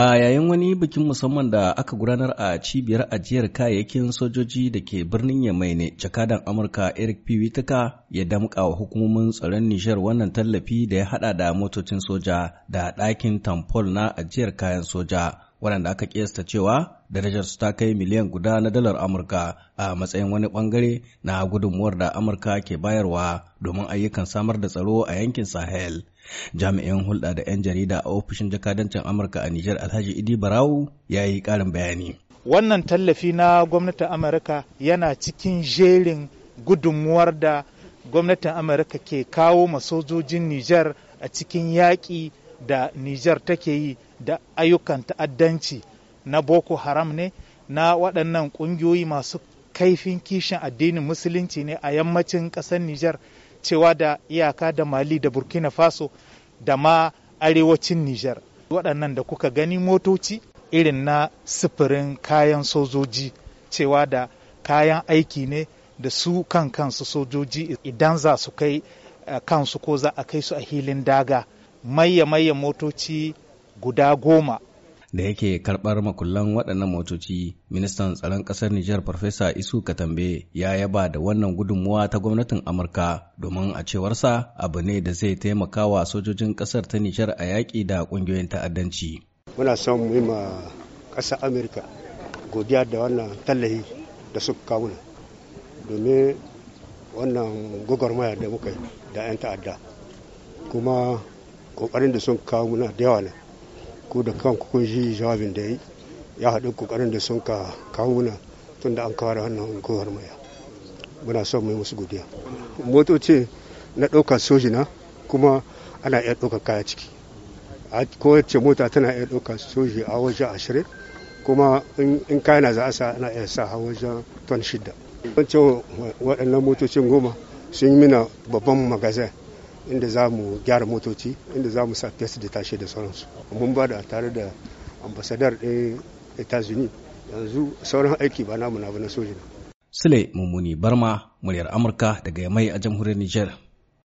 A yayin wani bikin musamman da aka gudanar a cibiyar ajiyar kayayyakin sojoji da ke birnin Yamai ne, jakadan Amurka Eric P. ya damƙa wa hukumomin tsaron Nijar wannan tallafi da ya haɗa da motocin soja da ɗakin tamfol na ajiyar kayan soja. waɗanda aka kiyasta cewa darajar su ta kai miliyan guda na dalar Amurka a matsayin wani bangare na gudunmuwar da Amurka ke bayarwa domin ayyukan samar da tsaro a yankin Sahel. Jami'in hulɗa da 'yan jarida a ofishin jakadancin Amurka a Nijar Alhaji Idi barawu ya yi ƙarin bayani. Wannan tallafi na gwamnatin Amurka yana cikin jerin gudunmuwar da gwamnatin Amurka ke kawo ma sojojin Nijar a cikin yaƙi da Nijar take yi da ayyukan ta'addanci na Boko Haram ne na waɗannan ƙungiyoyi masu kaifin kishin addinin musulunci ne a yammacin ƙasar Nijar cewa da iyaka da Mali da Burkina Faso da ma arewacin Nijar. Waɗannan da kuka gani motoci irin na sifirin kayan sojoji cewa da kayan aiki ne da su kan kansu sojoji idan za su kai eh, kansu ko za a kai su a hilin daga. maye-maye motoci guda goma da yake karbar makullan waɗannan motoci ministan tsaron ƙasar Nijar Farfesa Isu Katambe ya yaba da wannan gudunmuwa ta gwamnatin Amurka domin a cewarsa abu ne da zai taimaka wa sojojin ƙasar ta Nijar a yaƙi da ƙungiyoyin ta'addanci. Muna son mu yi ma ƙasar Amurka godiya da wannan tallahi da suka kawo domin wannan gwagwarmaya da muka da 'yan ta'adda kuma kokarin da sun kawo muna da yawa ne ku da ku kun ji jawabin da yi ya haɗu kokarin da sun ka kawo muna tun da an kawo da wannan gowar maya muna son mai musu godiya motoci na ɗaukar sojina kuma ana iya ɗauka kaya ciki a kowace mota tana iya ɗaukar soji a waje ashirin kuma in kayana za a sa ana iya sa a wajen ton shida wancan waɗannan motocin goma sun yi mina babban magazin inda za mu gyara motoci inda za mu sa test da tashe da sauransu mun ba da tare da ambasadar ɗin etazuni yanzu sauran aiki ba namu na na soja sule mummuni barma muryar amurka daga yamai a jamhuriyar niger